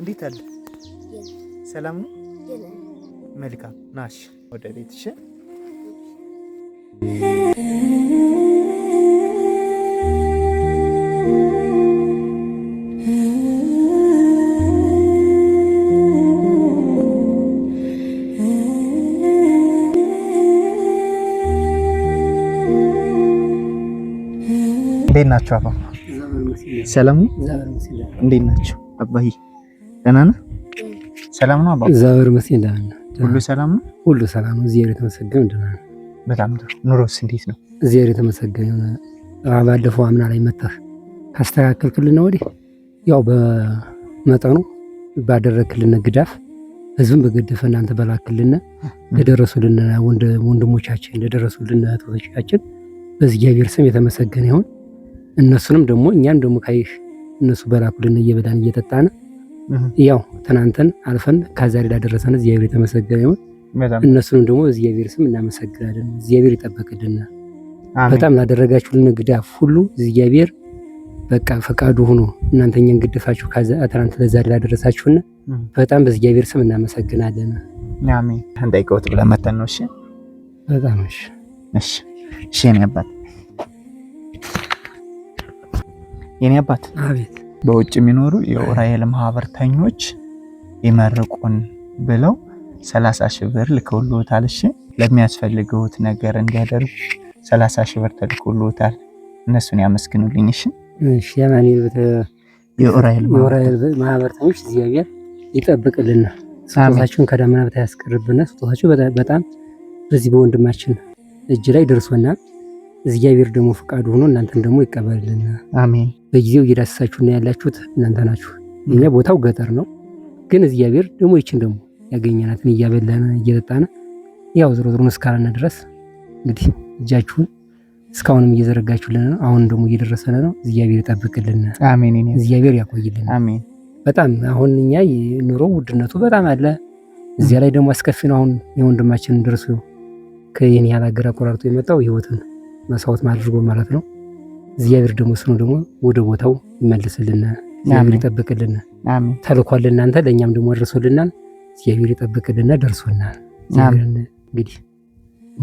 እንዴት አለ? ሰላም ነው? መልካም ናሽ ወደ ቤት እሺ። እንዴት ናቸው? አባ ሰላም ነው? እንዴት ናቸው? አባዬ ደህና ነህ? ሰላም ነው አባ? እግዚአብሔር ይመስገን ደህና ነህ? ሁሉ ሰላም ነው? ሁሉ ሰላም ነው። እግዚአብሔር የተመሰገነ ደህና ነህ? በጣም ጥሩ። ኑሮስ እንዴት ነው? እግዚአብሔር የተመሰገነ ባለፈው አምና ላይ መጣህ ካስተካከልክልን ነው ወዲህ ያው በመጠኑ ባደረክልን ግዳፍ ህዝብን በገደፈ እናንተ በላክልን ለደረሱልን ወንድሞቻችን ለደረሱልን እህቶቻችን በእግዚአብሔር ስም የተመሰገነ ይሁን። እነሱንም ደግሞ እኛም ደግሞ ካይሽ እነሱ በላኩልን እየበላን እየጠጣን ያው ትናንትን አልፈን ከዛሬ ላደረሰን እግዚአብሔር የተመሰገነ ይሁን። እነሱንም ደግሞ እግዚአብሔር ስም እናመሰግናለን። እግዚአብሔር ይጠበቅልና በጣም ላደረጋችሁልን ግዳፍ ሁሉ እግዚአብሔር በቃ ፈቃዱ ሆኖ እናንተኛን ግድፋችሁ ትናንት ለዛሬ ላደረሳችሁና በጣም በእግዚአብሔር ስም እናመሰግናለን። አሜን። እንዳይቀወት ብለን መተን ነው። እሺ፣ በጣም እሺ፣ እሺ፣ እሺ አባት የኔ አባት አቤት። በውጭ የሚኖሩ የኡራኤል ማህበርተኞች ይመርቁን ብለው ሰላሳ ሺህ ብር ልከውልዎታል። እሺ ለሚያስፈልገውት ነገር እንዲያደርጉ ሰላሳ ሺህ ብር ተልኮልዎታል። እነሱን ያመስግኑልኝ። እሺ እሺ። ያማኒ የኡራኤል ማህበርተኞች እግዚአብሔር ይጠብቅልና ስጦታችሁን ከደመና በታች ያስቀርብና ስጦታችሁ በጣም በዚህ በወንድማችን እጅ ላይ ደርሶና እግዚአብሔር ደግሞ ፈቃዱ ሆኖ እናንተን ደግሞ ይቀበልልና አሜን። በጊዜው እየዳሰሳችሁ ነው ያላችሁት እናንተ ናችሁ። እኛ ቦታው ገጠር ነው፣ ግን እግዚአብሔር ደግሞ ይችን ደግሞ ያገኘናትን እያበላን እየጠጣን ያው ዝሮ ዝሮ ድረስ እንግዲህ እጃችሁን እስካሁንም እየዘረጋችሁልን ነው። አሁን ደግሞ እየደረሰን ነው። እግዚአብሔር ይጠብቅልን፣ እግዚአብሔር ያቆይልን። በጣም አሁን እኛ ኑሮ ውድነቱ በጣም አለ። እዚያ ላይ ደግሞ አስከፊ ነው። አሁን የወንድማችን ደርሶ ከይህን ያህል አገር አቆራርጦ የመጣው ህይወትን መስዋዕት ማድርጎ ማለት ነው እግዚአብሔር ደግሞ ስኑ ደግሞ ወደ ቦታው ይመልስልና እግዚአብሔር ይጠብቅልና ተልኳል እናንተ ለእኛም ደግሞ ደርሶልናል። እግዚአብሔር ይጠብቅልና ደርሶናል። እንግዲህ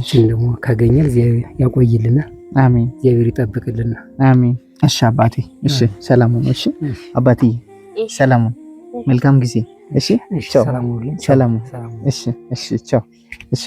እችን ደግሞ ካገኘ እግዚአብሔር ያቆይልና አሜን። እግዚአብሔር ይጠብቅልና አሜን። እሺ አባቴ፣ እሺ ሰላም ሁኑ። እሺ አባቴ፣ ሰላም ሁኑ። መልካም ጊዜ። እሺ ቻው። ሰላም ሁኑ። እሺ እሺ ቻው። እሺ